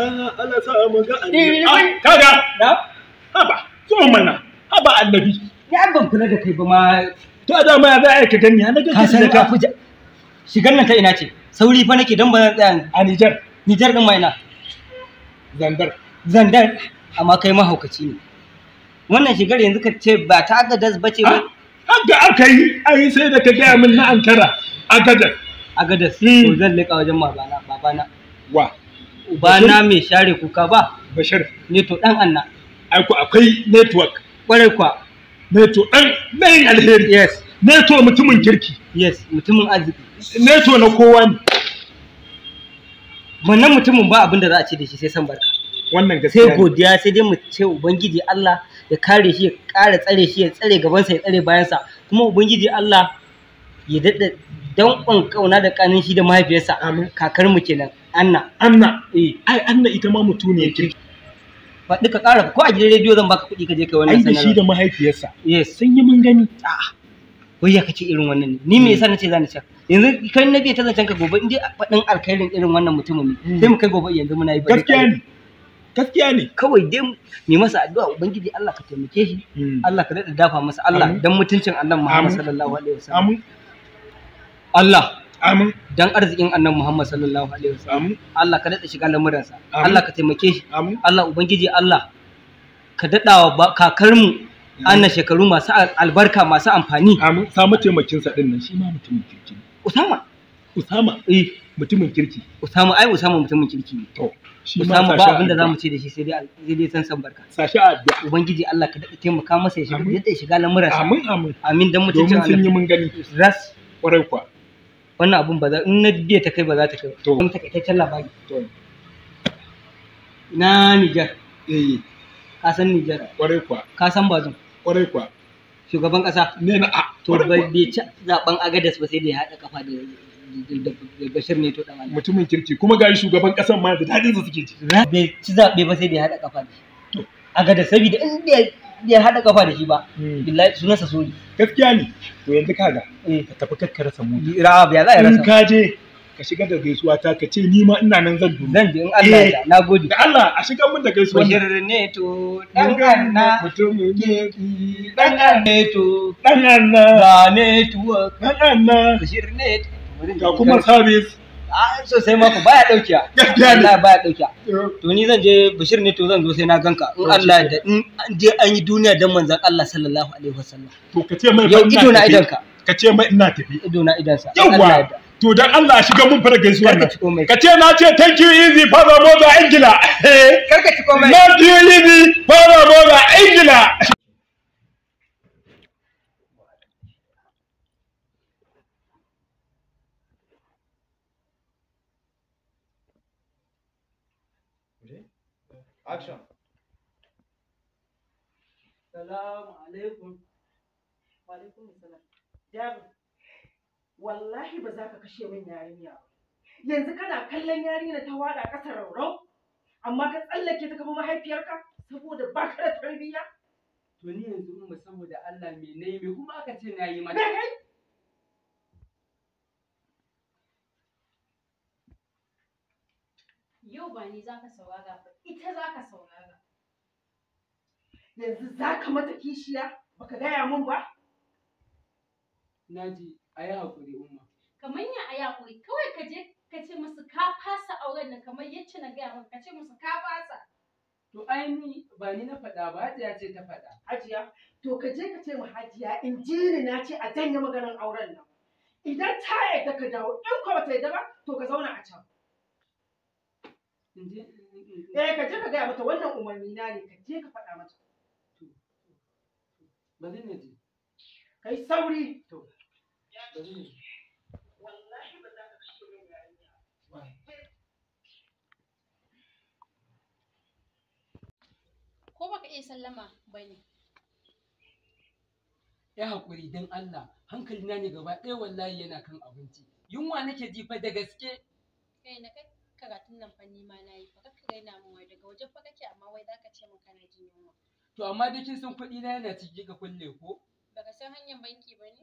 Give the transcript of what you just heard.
Allah eh, sa ga kaga haba haba ya kula da ma ya na shigar nan ta ina ce sauri fa nake dan ba zan tsaya a Nijar. Nijar din ma ina zandar zandar amma kai mahaukaci ne wannan shigar yanzu ka ce ba ta agadas ba ce ba ah, haka aka yi ai sai da ka gaya min na ankara agadas agadas hmm. to zan lika wajen babana babana wa ubana mai share kuka ba bashir ne to dan anna ai akwai network kwarai kwa ne to dan mai alheri yes ne to mutumin kirki yes mutumin arziki ne to na kowa ne wannan mutumin ba abin da za a ce da shi sai san barka wannan gaskiya sai godiya sai dai mu ce ubangiji Allah ya kare shi ya kare tsare shi ya tsare gabansa ya tsare bayansa kuma ubangiji Allah ya daɗa danƙon kauna da ƙanin shi da mahaifiyarsa kakar mu kenan Anna. Anna. Eh. Ai Anna ita ma mutum ne kirki. Faɗi ka ƙara ko a gidan rediyo zan baka kuɗi ka je ka wannan sanarwa. Ai da shi da mahaifiyarsa. Yes. Sun yi mun gani. A'a. Wai ya kace irin wannan ne. Ni me yasa nace zan can? Yanzu kai na biya ta zancen ka gobe inda faɗin alkhairin irin wannan mutumin ne. Hmm. Sai mu kai gobe yanzu muna yi. Gaskiya ne. gaskiya ne kawai dai mai masa addu'a ubangiji Allah ka taimake shi hmm. Allah ka daɗa dafa masa Allah dan mutuncin Allah Muhammad sallallahu alaihi wasallam Allah amin dan arzikin annabi Muhammad sallallahu alaihi wasallam Allah ka dada shiga sa Allah ka taimake shi Allah ubangiji Allah ka dada wa kakarmu anna shekaru masu albarka masu amfani amin samu taimakin sa din nan shi ma mutumin kirki Usama Usama eh mutumin kirki Usama ai Usama mutumin kirki ne to Usama ba abin da zamu ce da shi sai dai sai dai san san barka sashi addu'a ubangiji Allah ka dade taimaka masa ya shiga ya shiga amin amin amin dan mutumin kirki domin sun yi mun gani ras kwarai kwa wannan abun ba za in na biya ta kai ba za ta kai to wani takaitaccen labari to na Nijar eh ka san Nijar kwarai kwa ka san bazum kwarai kwa shugaban kasa ne na a ah, to bai ci zaben agadas ba sai da ya haɗa kafa da bashir ne to dan mutumin kirki kuma ga shugaban kasan ma da dadin su suke ci bai ci zabe ba sai da ya haɗa kafa da agadas sabida. in ya haɗa kafa da shi ba hmm. billahi sunansa sori gaskiya ne to yanzu ga eh. ka tafi kakka rasa mu ra'a ya za ya rasa in ka je ka shigar da gaisuwa ta ka ce ni ma ina nan zan dubi zan je in Allah ya eh. na gode da Allah a shigar mun da gaisuwa bashir ne to dan anna mutum ne dan anna to dan anna ba ne to dan anna bashir to ga kuma service a sosai ma ku baya Allah baya to ni zan je bashir ne to zan zo na ganka in Allah je an yi duniya dan manzon Allah sallallahu ka ce mai na idan ka ce mai ina na idan sa yawa to dan Allah shiga mun fara gaisuwa ka ce na ce thank you easy ingila action Salam alaikum alaikum salam wallahi ba za ka kashe min yarinya ba yanzu kana kallon yarinya ta wada ƙasa rauro. amma ka tsallake ta kama mahaifiyarka saboda ba ka da tarbiyya to ni yanzu in musamman da Allah me nayi me kuma aka ce na yi mata Yau ba ni za ka saurara ba, ita za ka saurara. Yanzu za ka mata kishiya baka gaya min ba? Na ji a yi haƙuri umma. Kamar yin a yi haƙuri, kawai ka je ka ce musu ka fasa auren nan kamar yacce na gaya mun ka ce musu ka fasa. To ai ni ba ni na faɗa ba Hajiya ce ta faɗa. Hajiya to ka je ka ce ma Hajiya in ni na ce a janye maganar auren nan. Idan ta yarda ka dawo in ko ba ta yarda ba to ka zauna a can. Eh ka je ka gaya mata wannan umarni na ne ka je ka faɗa mata. Ba zan je. Kai sauri. To. Ba zan je. Wallahi ba za ka kashe min Ko baka iya sallama ba ne. Ya hakuri don Allah hankalina ne gaba ɗaya wallahi yana kan abinci. Yunwa nake ji fa da gaske. Kai na kai. karatun nan fa ni ma yi fa kaka raina min wai daga waje fa kake amma wai zaka ce min kana jin yunwa to amma dai kin san kuɗi na yana ciki ga kulle ko baka san hanyar banki ba ne